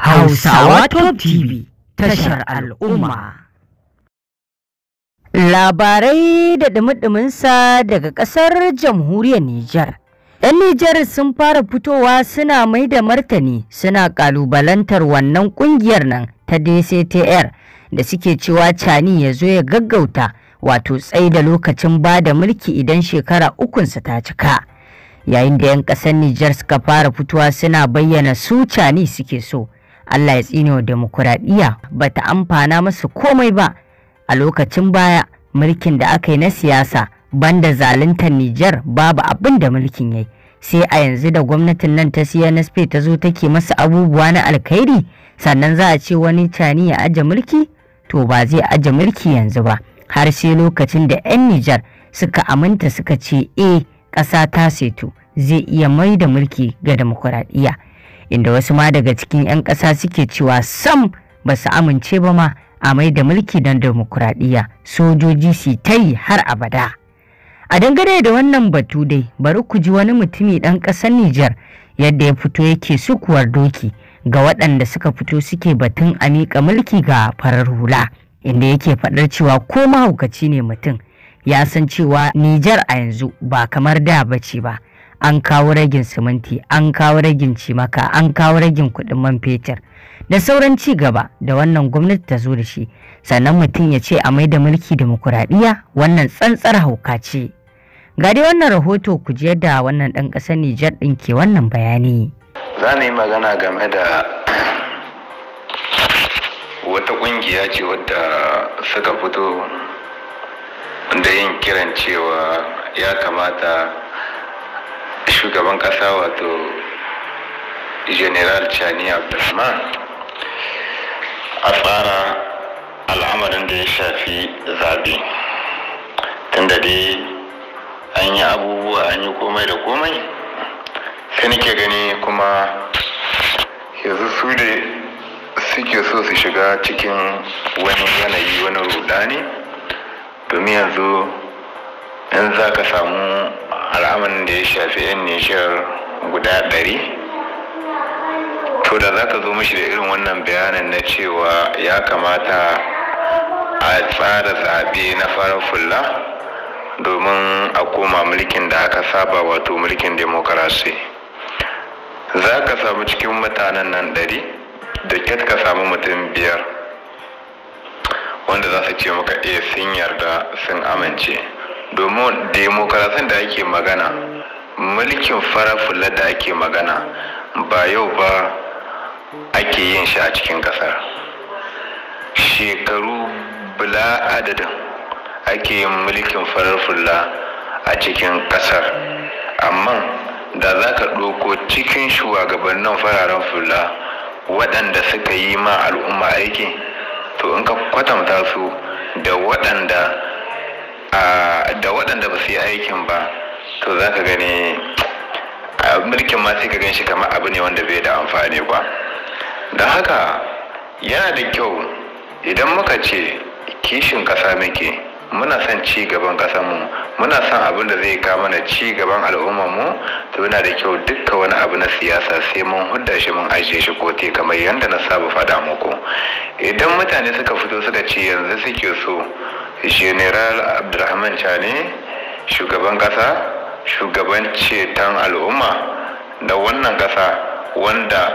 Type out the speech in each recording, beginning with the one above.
Hausawa Top TV tashar al'umma. Labarai da ɗumi-ɗuminsa daga ƙasar jamhuriyar Nijar. 'Yan Nijar sun fara fitowa suna mai da martani suna ƙalubalantar wannan ƙungiyar nan ta DCTR da suke cewa cani ya zo ya gaggauta wato tsai da lokacin ba da mulki idan shekara ukunsa ta cika. Yayin da 'yan ƙasar Nijar suka fara fitowa suna bayyana su cani suke so. Allah ya tsine wa demokuraɗiyya ba ta amfana masu komai ba a lokacin baya mulkin da aka yi na siyasa banda zaluntar Nijar babu abin da mulkin yayi sai a yanzu da gwamnatin nan ta siya CNSP ta zo take masu abubuwa na alkhairi sannan za a ce wani cani ya aje mulki to ba zai aje mulki yanzu ba har sai lokacin da 'yan Nijar suka aminta suka ce eh ƙasa ta seto zai iya mai da mulki ga demokuraɗiyya. inda wasu ma daga cikin 'yan ƙasa suke cewa sam ba su amince ba ma a mai da mulki don demokuraɗiyya sojoji su ta yi har abada a dangane da wannan batu dai bari ku ji wani mutumi ɗan ƙasar Nijar yadda ya fito yake sukuwar doki ga waɗanda suka fito suke batun a miƙa mulki ga farar hula inda yake faɗar cewa ko mahaukaci ne mutum ya san cewa Nijar a yanzu ba kamar da ba ce ba. an kawo ragin siminti an kawo ragin cimaka an kawo ragin kuɗin man fetur da sauran ci gaba da wannan gwamnati ta zo da shi sannan mutum ya ce a mai da mulki demokuraɗiyya wannan tsantsar hauka ce ga wannan rahoto ku je da wannan ɗan ƙasa Nijar ɗin ke wannan bayani. Za yi magana game da wata ƙungiya ce wadda suka fito da yin kiran cewa ya kamata shugaban ƙasa wato general chani abdulrahman a tsara al'amarin da ya shafi zabe tunda dai an yi abubuwa an yi komai da komai sai nake gani kuma yanzu su da suke so su shiga cikin wani yanayi wani rudani domin yanzu in za ka samu al'amarin da ya shafi 'yan nishiyar guda ɗari to da za ka zo mashi da irin wannan bayanin na cewa ya kamata a tsara zaɓe na farar fulla domin a koma mulkin da aka saba wato mulkin demokarasi za ka samu cikin mutanen nan ɗari da kyat ka samu mutum biyar wanda za su ce maka iya eh, sun yarda sun amince domin demokarasin da ake magana mulkin farafula da ake magana ba yau ba ake yin shi a cikin ƙasar shekaru bila adadin ake yin mulkin farafula a cikin ƙasar amma da za ka ɗauko cikin shugabannin fararen fula waɗanda suka yi ma al'umma aiki to in ka kwatanta su da waɗanda da waɗanda ba su yi aikin ba to za ka gani mulkin ma sai ka gan shi kamar abu ne wanda bai da amfani ba Da haka yana da kyau idan muka ce kishin ƙasa muke muna son ci gaban mu muna son abin da zai kama na ci gaban mu to yana da kyau dukkan wani abu na siyasa sai mun hudda shi mun ajiye shi kote kamar yadda na saba faɗa muku idan mutane suka fito suka ce yanzu suke so general abdulrahman chani shugaban ƙasa shugaban ceton al'umma da wannan ƙasa wanda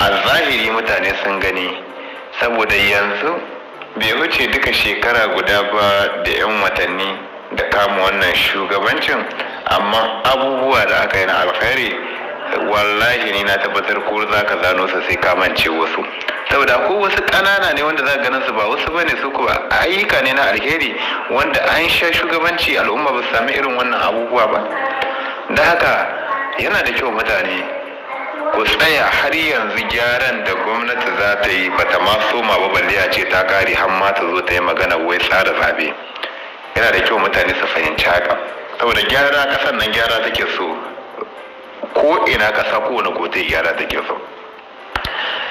a zahiri mutane sun gani saboda yanzu bai wuce duka shekara guda ba da 'yan watanni da kama wannan shugabancin amma abubuwa da aka yi na alkhairi wallahi ni na tabbatar ko za ka zano sa sai ka mance wasu saboda ko wasu ƙanana ne wanda za ganin su ba wasu ba ne su kuwa ayyuka ne na alheri wanda an sha shugabanci al'umma ba su sami irin wannan abubuwa ba da haka yana da kyau mutane ku tsaya har yanzu gyaran da gwamnati za ta yi ba bata ma ba balle a ce ta kare har ma ta zo ta yi magana wai tsara zabe yana da kyau mutane su fahimci haka saboda gyara kasan nan gyara take so ko ina ƙasa wani kotu gyara ta so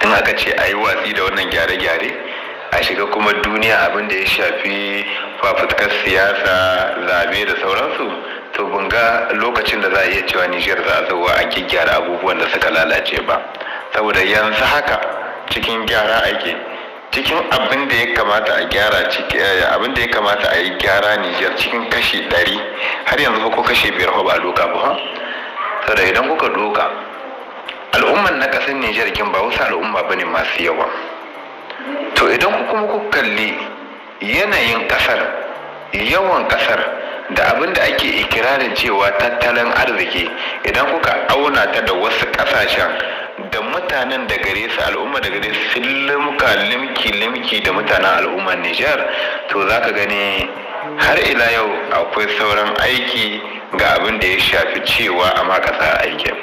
in aka ce a yi watsi da wannan gyare-gyare a shiga kuma duniya abin da ya shafi fafutukar siyasa zabe da sauransu to ga lokacin da za a iya cewa nijar za a zauwa a gyara abubuwan da suka lalace ba saboda yanzu haka cikin gyara ake cikin abin da ya kamata a gyara eh, abin da ya kamata a yi gyara nijar cikin kashi ɗari har yanzu ko kashi biyar ba a doka ba saboda idan kuka doka al'umman na kasar Nijar kin ba wasu al'umma bane masu yawa to idan ku kuma ku kalli yanayin kasar yawan kasar da abin da ake ikirarin cewa tattalin arziki idan kuka auna ta da wasu kasashen da mutanen da gare su al'umma da gare su limka limki limki da mutanen al'ummar Nijar to zaka ka gani har ila yau akwai sauran aiki ga abin da ya shafi cewa a makasa aikin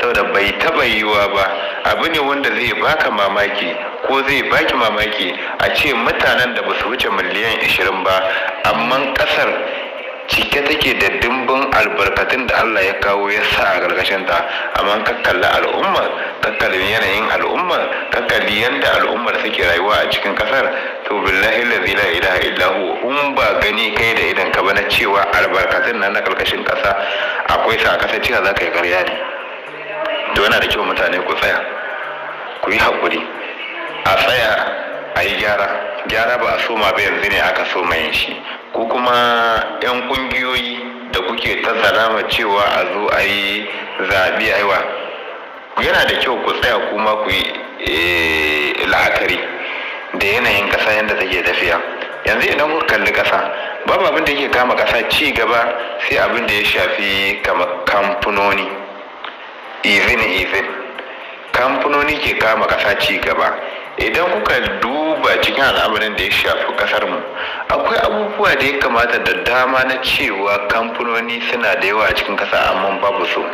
saboda bai taba yiwuwa ba abu ne wanda zai baka mamaki ko zai baki mamaki a ce mutanen da ba su wuce miliyan 20 ba amma kasar cike take da dimbin albarkatun da Allah ya kawo ya sa a ƙarƙashinta amma ka al'ummar ka kalli yanayin al'ummar ka yanda al'ummar suke rayuwa a cikin ƙasar to billahi allazi la ilaha illa in ba gani kai da idan ka ba na cewa albarkatun nan na karkashin kasa akwai sa kasa cewa za ka yi karya ne to yana da kyau mutane ku tsaya ku yi hakuri a tsaya a yi gyara gyara ba a so ma ba yanzu ne aka so yin shi ko kuma yan kungiyoyi da kuke ta salama cewa a zo a yi zaɓi aiwa yana da kyau ku tsaya kuma ku yi eh, la'akari da yanayin ƙasa yadda take tafiya yanzu idan kuka kalli ƙasa babu abin da yake kama ƙasa ci gaba sai abin da ya shafi kama kamfanoni izini izin kamfanoni ke kama ƙasa ci gaba idan kuka duba cikin al'amarin da ya shafi kasar mu akwai abubuwa da ya kamata da dama na cewa kamfanoni suna da yawa a cikin ƙasa amma babu su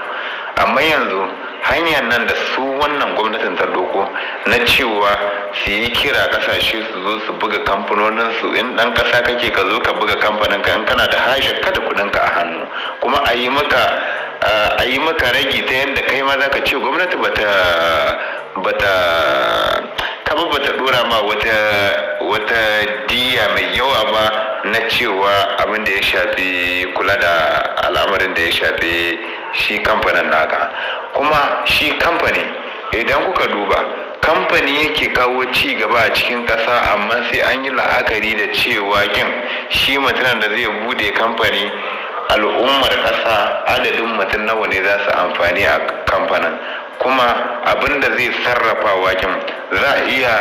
amma yanzu hanyar nan da su wannan gwamnatin ta doko na cewa su yi kira kasashe su zo su buga kamfanonin su in dan kasa kake ka zo ka buga kamfanin ka in kana da hashe kada kudin ka a hannu kuma a yi maka a yi maka ragi ta yadda kai ma zaka ce gwamnati bata bata kaba bata dora ma wata wata diya mai yawa ba na cewa abin da ya shafi kula da al'amarin da ya shafi shi kamfanin naka kuma shi kamfani idan kuka duba kamfani yake kawo ci gaba a cikin ƙasa amma sai an yi la'akari da cewa kin shi mutum da zai bude kamfani al'ummar ƙasa adadin mutum nawa ne za su amfani a kamfanin kuma abin da zai sarrafa wajen, za a iya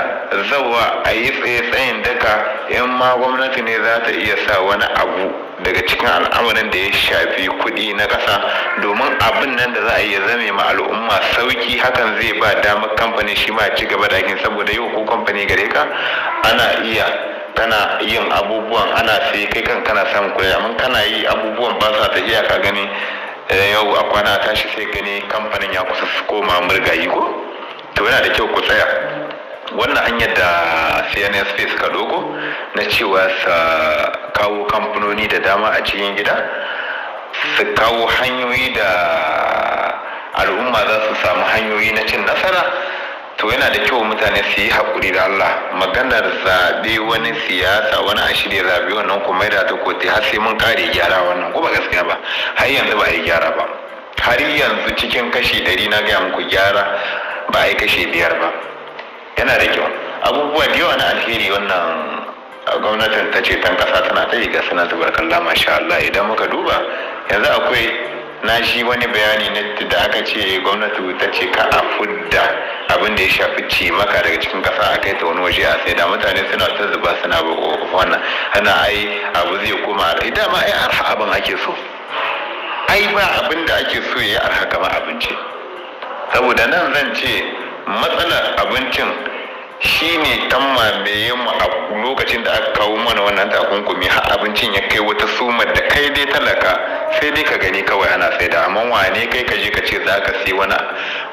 zawa a yi tsaye-tsayin daka 'yan ma gwamnati ne za ta iya sa wani abu daga cikin al'amarin da ya shafi kuɗi na ƙasa domin abin nan da za a iya zame ma al'umma sauki hakan zai ba damar kamfani shi ma ci gaba da aikin saboda yau ko kamfani gare ka ana iya kana yin abubuwan ana sai kai kan kana samun kuɗi amma kana yi abubuwan ba sa ta iya ka gani Eh, yau a kwana tashi sai gani kamfanin ya kusa su koma murga yi ko to yana da kyau ku tsaya wannan hanyar da cnsp ka dogo na cewa sa kawo kamfanoni da dama a cikin gida su kawo hanyoyi da al'umma za su samu hanyoyi na cin nasara to yana da kyau mutane su yi haƙuri da Allah maganar zaɓe wani siyasa wani a shirya zaɓe wannan kuma da ta kote har sai mun kare gyara wannan ko ba gaskiya ba har yanzu ba a yi gyara ba har yanzu cikin kashi ɗari na gaya muku gyara ba a yi kashi biyar ba yana da kyau abubuwa da yawa na alheri wannan gwamnatin ta ce tan ƙasa tana ta yi ga sanar da barkan Allah idan muka duba yanzu akwai na shi wani bayani na da aka ce gwamnati ta ce ka a fudda abin da ya shafi ci maka daga cikin kasa a kai ta wani waje a sai da mutane suna ta zuba suna wannan ana ai abu zai koma a ma ai arha abin ake so ai ba abin da ake so ya arha kamar abinci saboda nan zan ce matsalar abincin shi ne tamma mamaye mu a lokacin da aka kawo mana wannan takunkumi har abincin ya kai wata sumar da kai dai talaka sai dai ka gani kawai ana sai da amma wane kai ka je ka ce za ka sai wani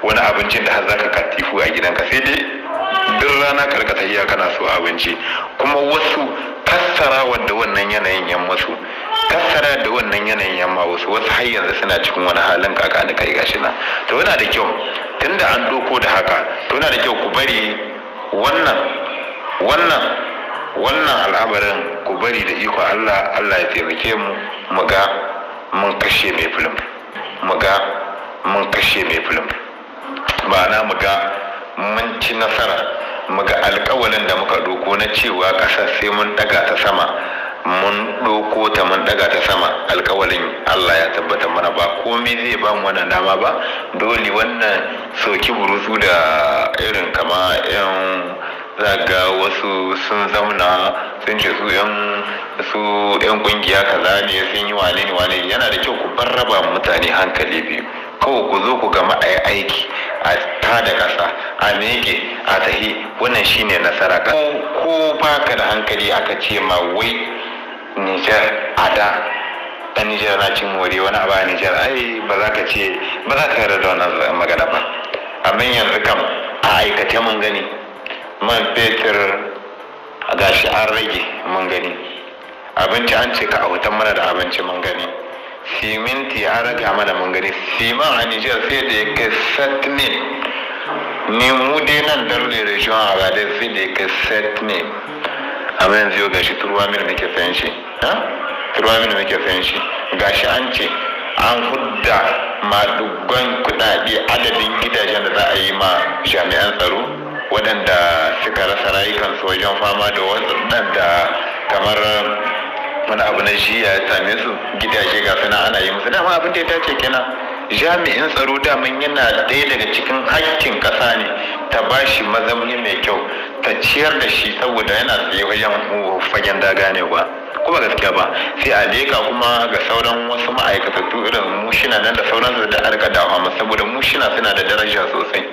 wani abincin da har za ka katifu a gidanka sai dai duk rana karkata iya kana so abinci kuma wasu fassara wanda wannan yanayin yan fassara da wannan yanayin yamma wasu wasu har yanzu suna cikin wani halin kaka da kai gashi nan to yana da kyau tunda an doko da haka to yana da kyau ku bari wannan wannan wannan al'amarin ku bari da iko Allah Allah ya taimake mu mu ga mun kashe mai fulim mu ga mun kashe mai fulim ba na mu ga mun ci nasara mu ga alkawalin da muka doko na cewa ƙasar sai mun daga ta sama mun doko ta mun ɗaga ta sama alkawalin Allah ya tabbata mana ba komai zai ba mu wannan dama ba dole wannan soki burusu da irin kama yan zaga wasu sun zamna sun ce su yan su yan kungiya kaza ne sun yi wane ne wane yana da kyau ku bar raba mutane hankali biyu kawai ku zo ku gama a aiki a ta da kasa a meke a tahi wannan shine nasara ko baka da hankali aka ce ma wai nijar a da dan Nijar na cin wuri wani abu a Nijar ai ba za ka ce ba za ka yarda da wannan magana ba amma yanzu kam a aikace mun gani man fetur gashi an rage mun gani abinci an ce ka a autan mana da abinci mun gani siminti an a mana mun gani siman a nijar sai da ya kai set ne mu dai nan da region a gadar sai da ya kai set mil amma yanzu yau gashi turuwa mil muke sayan shi turuwa mil muke sayan shi gashi an ce an hudda madugon kudade adadin gidajen da za a yi ma jami'an tsaro waɗanda suka rasa rayukansu wajen fama da da kamar wani abu na shi ya same su gidaje ga suna ana yi musu dama abin da ya dace kenan jami'in tsaro dama yana ɗaya daga cikin hakkin ƙasa ne ta ba shi mazauni mai kyau ta ciyar da shi saboda yana tsaye wajen fagen daga ne ba. kuma gaskiya ba sai a leka kuma ga sauran wasu ma'aikatattu irin mushina nan da sauran da arka dawa amma saboda mushina suna da daraja sosai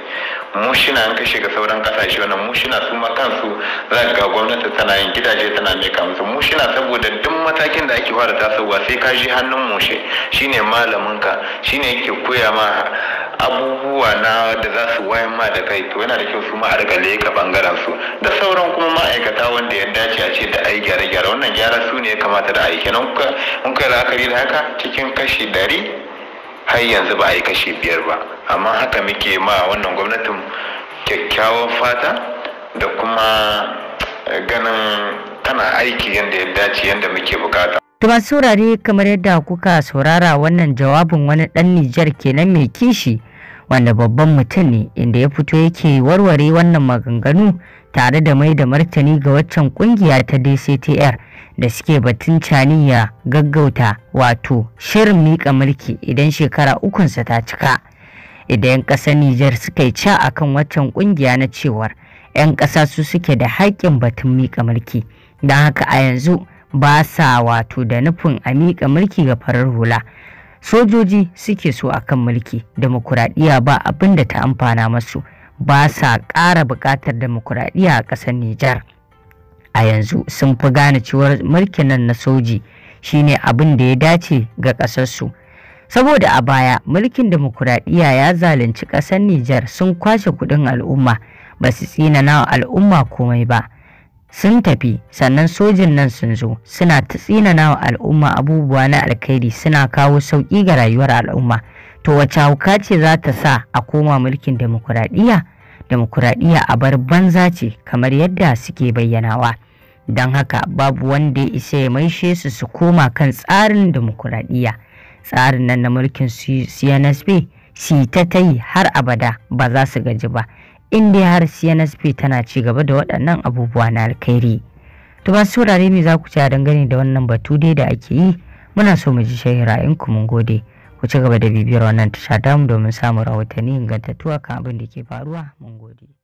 mushina an kashe ga sauran kasashe wannan mushina su ma kansu za ga gwamnati tana yin gidaje tana meka musu mushina saboda duk matakin da ake fara tasowa sai ka ji hannun mushe shine malamin ka shine yake koya ma abubuwa na da za su wayan ma da kai to yana da kyau su ma a daga leka bangaren su da sauran kuma ma'aikata wanda ya dace a ce da ai gyare gyare wannan gyara su ne ya kamata da aiki nan kuka kai la'akari da haka cikin kashi dari har yanzu ba a yi kashi biyar ba amma haka muke ma wannan gwamnatin kyakkyawan fata da kuma ganin tana aiki yadda ya dace yadda muke bukata Tuba saurare kamar yadda kuka saurara wannan jawabin wani ɗan Nijar kenan mai kishi wanda babban mutum ne inda ya fito yake warware wannan maganganu tare da mai da martani ga waccan kungiya ta DCTR da suke batun caniya gaggauta wato shirin miƙa mulki idan shekara ukunsa ta cika. Idan ƙasar Nijar suka yi ca akan waccan kungiya na cewar 'yan ƙasa su suke da haƙƙin batun miƙa mulki don haka a yanzu ba sa wato da nufin a miƙa mulki ga farar hula. sojoji suke so a kan mulki demokuraɗiyya ba abin da ta amfana masu ba sa ƙara buƙatar demokuraɗiyya a ƙasar Nijar. A yanzu sun fi gane cewar mulkin nan na soji shine abin da ya dace ga ƙasarsu. Saboda a baya mulkin demokuraɗiyya ya zalunci ƙasar Nijar sun kwashe kuɗin al'umma ba su tsinana al'umma komai ba. sun tafi sannan sojin nan sun zo suna ta tsinana wa al'umma abubuwa na alkhairi suna kawo sauƙi ga rayuwar al'umma to wace hauka ce za ta sa a koma mulkin demokuraɗiyya demokuraɗiyya a bar banza ce kamar yadda suke bayyanawa don haka babu wanda ya isa ya maishe su su koma kan tsarin demokuraɗiyya tsarin nan na mulkin cnsp si ta ta yi har abada ba za su gaji ba inda har CNSP tana ci gaba da waɗannan abubuwa na alkhairi. To ba saurare me za ku ci a dangane da wannan batu dai da ake yi muna so mu ji shahira in ku mun gode ku ci gaba da bibiyar wannan tasha mu domin samun rahotanni ingantattuwa kan abin da ke faruwa mun gode.